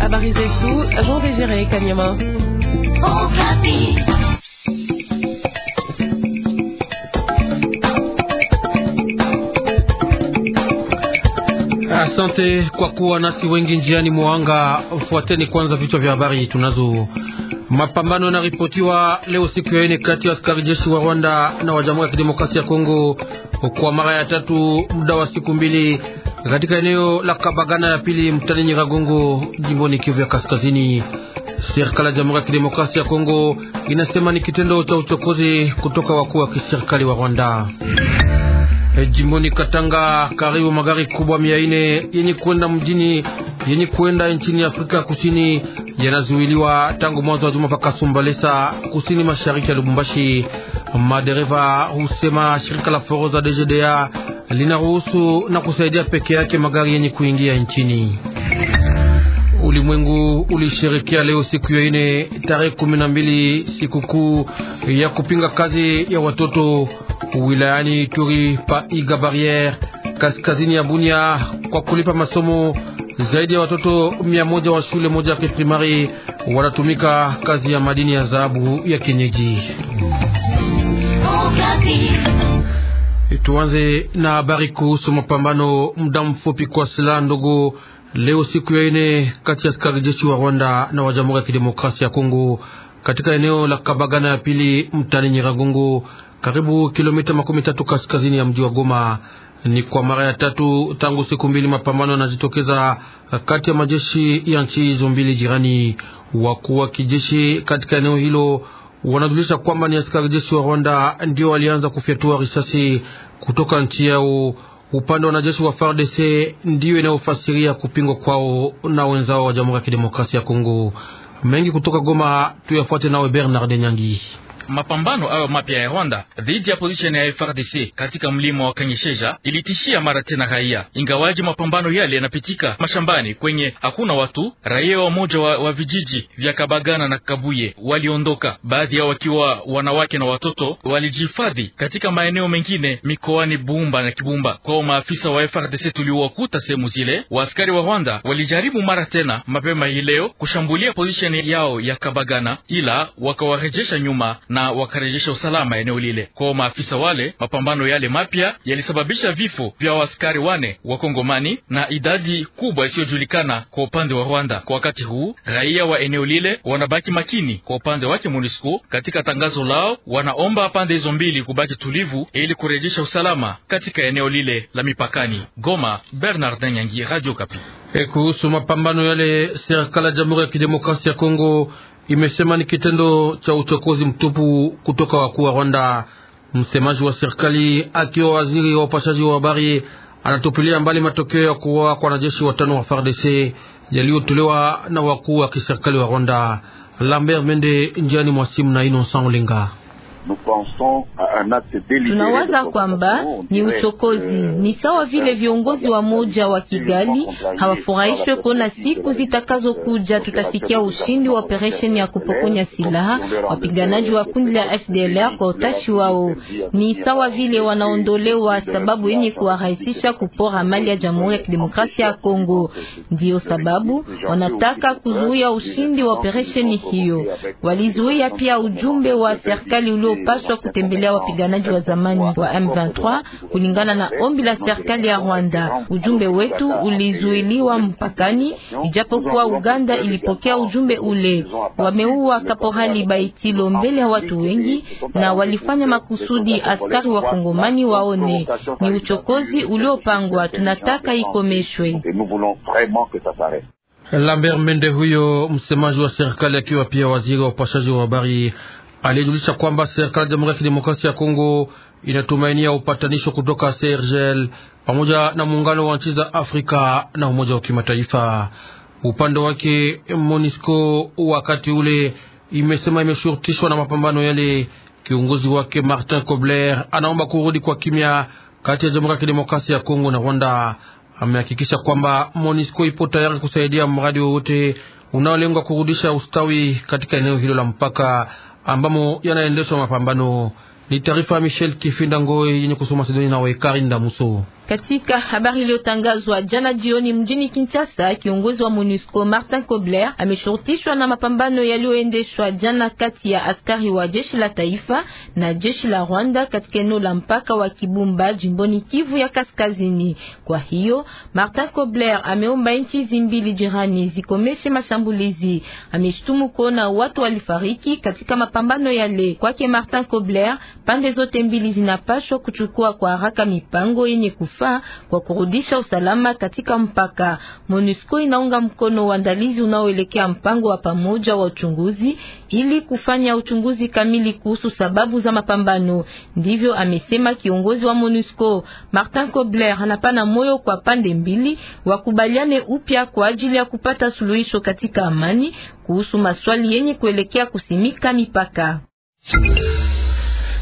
Habari zetu, Jean Désiré Kanyama. Okapi. Asante kwa kuwa nasi wengi njiani mwanga. Fuateni kwanza vichwa vya habari tunazo. Mapambano yanaripotiwa leo siku ya ine kati ya askari jeshi wa Rwanda na wa Jamhuri ya Kidemokrasia ya Kongo kwa mara ya tatu muda wa siku mbili katika eneo la Kabagana ya pili mtani Nyiragongo jimboni Kivu ya Kaskazini. Serikali ya Jamhuri ya Kidemokrasia ya Kongo inasema ni kitendo cha uchokozi kutoka wakuu wa kiserikali wa Rwanda. E, jimboni Katanga karibu magari kubwa mia nne yenye kwenda mjini yenye kuenda nchini Afrika Kusini yanazuiliwa tangu mwanzo wa juma mpaka Sumbalesa kusini mashariki ya Lubumbashi. Madereva husema shirika la foroza DGDA linaruhusu na kusaidia peke yake magari yenye kuingia nchini. Ulimwengu ulishirikia leo siku ya ine tarehe kumi na mbili sikukuu ya kupinga kazi ya watoto wilayani turi pa Iga Barriere kaskazini ya Bunia kwa kulipa masomo. Zaidi ya watoto mia moja wa shule moja ya kiprimari wanatumika kazi ya madini ya dhahabu ya kienyeji. Eh, tuanze na habari kuhusu mapambano muda mfupi kwa silaha ndogo leo siku ya ine kati ya askari jeshi wa Rwanda na wa Jamhuri ya Kidemokrasia ya Kongo katika eneo la Kabagana ya pili mtani Nyiragongo, karibu kilomita makumi tatu kaskazini ya mji wa Goma. Ni kwa mara ya tatu tangu siku mbili mapambano yanajitokeza kati ya majeshi ya nchi hizo mbili jirani. Wakuu wa kijeshi katika eneo hilo wanajulisha kwamba ni askari jeshi wa Rwanda ndio walianza kufyatua risasi kutoka nchi yao. Upande wa wanajeshi wa FARDC ndiyo inayofasiria kupingwa kwao na wenzao wa Jamhuri ya Kidemokrasia ya Kongo. Mengi kutoka Goma tuyafuate nawe Bernard Nyangi. Mapambano ayo mapya ya Rwanda dhidi ya position ya FRDC katika mlima wa Kanyesheja ilitishia mara tena raia, ingawaji mapambano yale yanapitika mashambani kwenye hakuna watu. Raia wamoja wa, wa vijiji vya Kabagana na Kabuye waliondoka, baadhi yao wakiwa wanawake na watoto, walijihifadhi katika maeneo mengine mikoani Bumba na Kibumba. Kwao maafisa wa FRDC tuliowakuta sehemu zile, waaskari wa Rwanda walijaribu mara tena mapema hii leo kushambulia position yao ya Kabagana, ila wakawarejesha nyuma na wakarejesha usalama eneo lile. Kwa maafisa wale, mapambano yale mapya yalisababisha vifo vya waaskari wane wa kongomani na idadi kubwa isiyojulikana kwa upande wa Rwanda. Kwa wakati huu raia wa eneo lile wanabaki makini. Kwa upande wake MONUSCO katika tangazo lao wanaomba pande hizo mbili kubaki tulivu ili kurejesha usalama katika eneo lile la mipakani. Goma, Bernard Nyangi, Radio Kapi. Eh, kuhusu mapambano yale, serikali ya Jamhuri ya Kidemokrasia ya Kongo imesema ni kitendo cha uchokozi mtupu kutoka wakuu wa Rwanda. Msemaji wa serikali akiwa waziri wa upashaji wa habari anatupilia mbali matokeo ya kuwa kwa wanajeshi watano wa FARDC yaliyotolewa na wakuu wa kiserikali wa Rwanda. Lambert Mende njiani mwasimu na Innocent Olinga tunawaza kwamba ni uchokozi, ni sawa vile viongozi wa moja wa Kigali hawafurahishwe kuona siku zitakazokuja tutafikia ushindi wa operesheni ya kupokonya silaha wapiganaji wa kundi la FDLR kwa utashi wao. Ni sawa vile wanaondolewa sababu yenye kuwarahisisha kupora mali ya Jamhuri ya Kidemokrasia ya Kongo. Ndiyo sababu wanataka kuzuia ushindi wa operesheni hiyo. Walizuia pia ujumbe wa serikali ulio wanaopaswa kutembelea wapiganaji wa zamani wa M23 kulingana na ombi la serikali ya Rwanda. Ujumbe wetu ulizuiliwa mpakani, ijapokuwa Uganda ilipokea ujumbe ule. Wameua Kaporali Baitilo mbele ya watu wengi, na walifanya makusudi askari wa Kongomani waone. Ni uchokozi uliopangwa, tunataka ikomeshwe. Lambert Mende, huyo msemaji wa serikali akiwa pia waziri wa upashaji wa habari alijulisha kwamba serikali ya Jamhuri ya Kidemokrasia ya Kongo inatumainia upatanisho kutoka CERGL pamoja na muungano wa nchi za Afrika na umoja wa kimataifa. Upande wake MONUSCO wakati ule imesema imeshurutishwa na mapambano yale. Kiongozi wake Martin Kobler anaomba kurudi kwa kimya kati ya Jamhuri ya Kidemokrasia ya Kongo na Rwanda. Amehakikisha kwamba MONUSCO ipo tayari kusaidia mradi wowote unaolengwa kurudisha ustawi katika eneo hilo la mpaka ambamo yanaendeshwa mapambano. Ni taarifa ya Michel Kifinda Ngoi yenye kusoma Sidoni nawe Karinda Muso. Katika habari iliyotangazwa jana jioni mjini Kinshasa, kiongozi wa MONUSCO Martin Kobler ameshurutishwa na mapambano yaliyoendeshwa jana kati ya askari wa jeshi la taifa na jeshi la Rwanda katika eneo la mpaka wa Kibumba jimboni Kivu ya Kaskazini. Kwa hiyo Martin Kobler ameomba nchi zimbili jirani zikomeshe mashambulizi. Ameshtumu kuona watu walifariki katika mapambano yale. Kwake Martin Kobler, Pande zote mbili zinapashwa kuchukua kwa haraka mipango yenye kufaa kwa kurudisha usalama katika mpaka. MONUSCO inaunga mkono uandalizi unaoelekea mpango wa pamoja wa uchunguzi ili kufanya uchunguzi kamili kuhusu sababu za mapambano. Ndivyo amesema kiongozi wa MONUSCO Martin Kobler. Anapana moyo kwa pande mbili wakubaliane upya kwa ajili ya kupata suluhisho katika amani kuhusu maswali yenye kuelekea kusimika mipaka.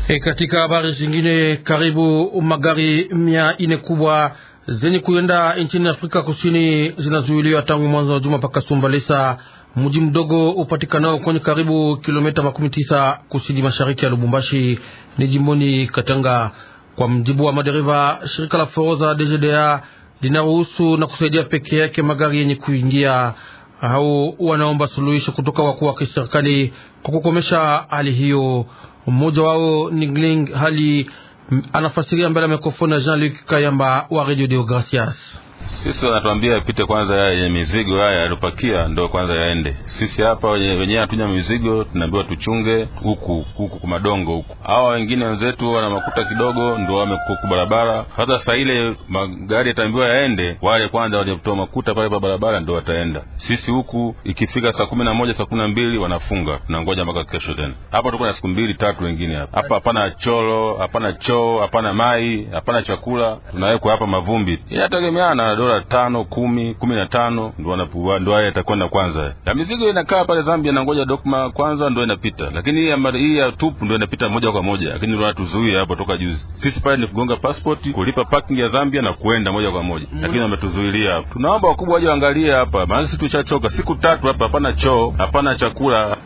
E, katika habari zingine, karibu magari mia ine kubwa zenye kuenda nchini Afrika Kusini zinazuiliwa tangu mwanzo wa juma mpaka Sumbalesa, mji mdogo upatikanao kwenye karibu kilomita makumi tisa kusini mashariki ya Lubumbashi ni jimboni Katanga. Kwa mjibu wa madereva, shirika la foroza DGDA linaruhusu na kusaidia peke yake magari yenye kuingia au Wanaomba suluhisho kutoka wakuu wa kiserikali kwa kukomesha hali hiyo. Mmoja wao ni Gling Hali anafasiria mbele ya mikrofoni ya Jean-Luc Kayamba wa Radio Deogracias. Sisi wanatuambia ipite kwanza yenye mizigo haya yaliopakia ndo kwanza yaende. Sisi hapa wenyewe hatunya mizigo, tunaambiwa tuchunge huku huku kwa madongo huku. Hawa wengine wenzetu wana makuta kidogo, ndo wamekuku barabara. Hata saa ile magari yataambiwa yaende, wale kwanza wajatoa makuta pale pa barabara ndo wataenda. Sisi huku ikifika saa kumi na moja saa kumi na mbili wanafunga, tunangoja mpaka kesho tena. Hapa tuko na siku mbili tatu wengine hapa hapa. Hapana cholo hapana choo, hapana mai, hapana chakula, tunawekwa hapa mavumbi. Inategemeana dola tano kumi kumi na tano ndo wanapua ndo haya yatakwenda kwanza, na mizigo inakaa pale Zambia na ngoja dokma kwanza ndo inapita, lakini hii ya tupu ndo inapita moja kwa moja, lakini ndo wanatuzuia hapo toka juzi. Sisi pale ni kugonga passport, kulipa parking ya Zambia na kuenda moja kwa moja, mm. lakini wametuzuilia hapo. Tunaomba wakubwa waje waangalie hapa, maana sisi tushachoka siku tatu hapa, hapana choo, hapana chakula.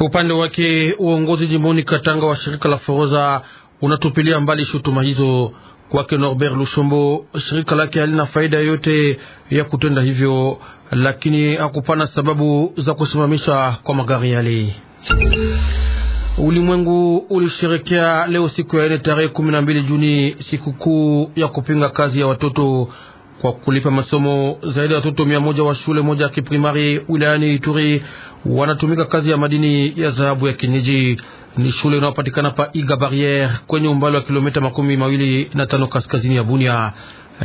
Upande wake uongozi jimboni Katanga wa shirika la Foroza unatupilia mbali shutuma hizo. Kwake Norbert Lushombo, shirika lake halina faida yoyote ya kutenda hivyo, lakini hakupana sababu za kusimamisha kwa magari yale. Ulimwengu ulisherekea leo siku ya ine tarehe kumi na mbili Juni sikukuu ya kupinga kazi ya watoto kwa kulipa masomo. Zaidi ya watoto mia moja wa shule moja ya kiprimari wilayani Ituri wanatumika kazi ya madini ya dhahabu ya kienyeji. Ni shule inayopatikana pa Iga Barriere kwenye umbali wa kilomita makumi mawili na tano kaskazini ya Bunia.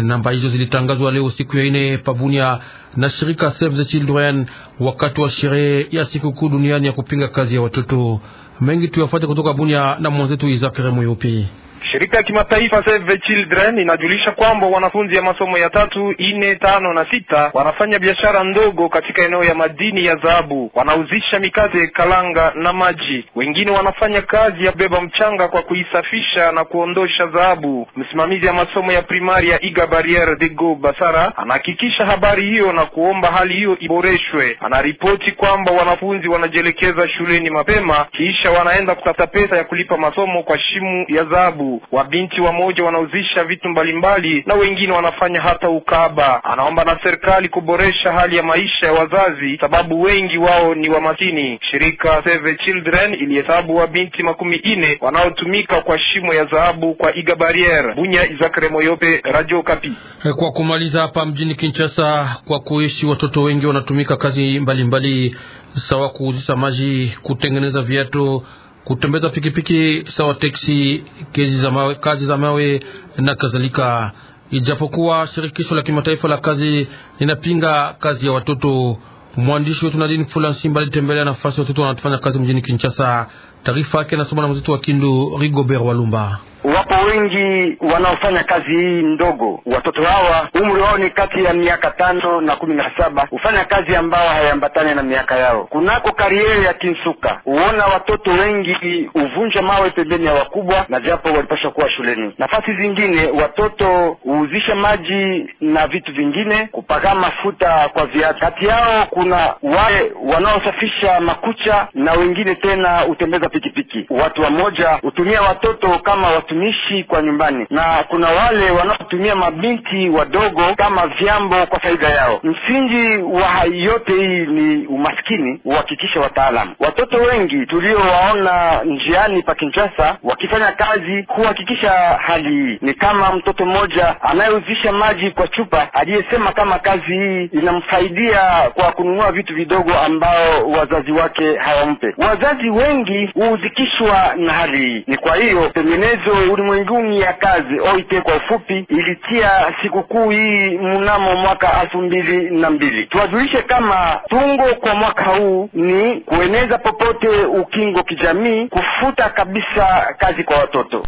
Namba hizo zilitangazwa leo siku ya ine pa Bunia na shirika Save the Children wakati wa sherehe ya sikukuu duniani ya kupinga kazi ya watoto. Mengi tuyafuate kutoka Bunia na mwenzetu Isaac Remuyupi. Shirika ya kimataifa Save the Children inajulisha kwamba wanafunzi ya masomo ya tatu, ine, tano na sita wanafanya biashara ndogo katika eneo ya madini ya dhahabu. Wanauzisha mikate, kalanga na maji. Wengine wanafanya kazi ya kubeba mchanga kwa kuisafisha na kuondosha dhahabu. Msimamizi ya masomo ya primari ya Iga Barriere de Go Basara anahakikisha habari hiyo na kuomba hali hiyo iboreshwe. Anaripoti kwamba wanafunzi wanajielekeza shuleni mapema, kisha wanaenda kutafuta pesa ya kulipa masomo kwa shimu ya dhahabu. Wabinti wamoja wanauzisha vitu mbalimbali na wengine wanafanya hata ukaba. Anaomba na serikali kuboresha hali ya maisha ya wazazi, sababu wengi wao ni wamaskini. Shirika Save Children ilihesabu wabinti makumi nne wanaotumika kwa shimo ya dhahabu kwa Iga Barriere. Bunya Izakare Moyope, Radio Kapi. Eh, kwa kumaliza hapa mjini Kinshasa, kwa kuishi watoto wengi wanatumika kazi mbalimbali mbali, sawa kuuzisha maji, kutengeneza viatu kutembeza pikipiki sawa teksi, kezi za mawe, kazi za mawe na kadhalika. Ijapokuwa shirikisho la kimataifa la kazi linapinga kazi ya watoto. Mwandishi wetu Nadine Simba alitembelea nafasi watoto wanafanya kazi mjini Kinshasa. Taarifa yake inasoma na mzito wa Kindu Rigobert Walumba. Wapo wengi wanaofanya kazi hii ndogo. Watoto hawa umri wao ni kati ya miaka tano na kumi na saba hufanya kazi ambayo haiambatani na miaka yao. Kunako kariere ya Kinsuka huona watoto wengi huvunja mawe pembeni ya wakubwa, na japo walipasha kuwa shuleni. Nafasi zingine watoto huuzisha maji na vitu vingine, kupaka mafuta kwa viatu. Kati yao kuna wale wanaosafisha makucha na wengine tena hutembeza pikipiki hiki. Watu wamoja hutumia watoto kama watumishi kwa nyumbani, na kuna wale wanaotumia mabinti wadogo kama vyambo kwa faida yao. Msingi wa hai yote hii ni umaskini, uhakikisha wataalamu. Watoto wengi tuliowaona njiani pa Kinshasa wakifanya kazi huhakikisha hali hii. Ni kama mtoto mmoja anayeuzisha maji kwa chupa aliyesema kama kazi hii inamsaidia kwa kununua vitu vidogo ambao wazazi wake hawampe. Wazazi wengi huuzikia kusikitishwa na hali hii. Ni kwa hiyo tengenezo ulimwenguni ya kazi OIT kwa ufupi ilitia sikukuu hii mnamo mwaka elfu mbili na mbili. Tuwajulishe kama tungo kwa mwaka huu ni kueneza popote ukingo kijamii, kufuta kabisa kazi kwa watoto.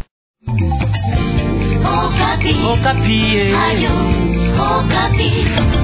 Okapi. Okapi. Eh. Ayo. Okapi.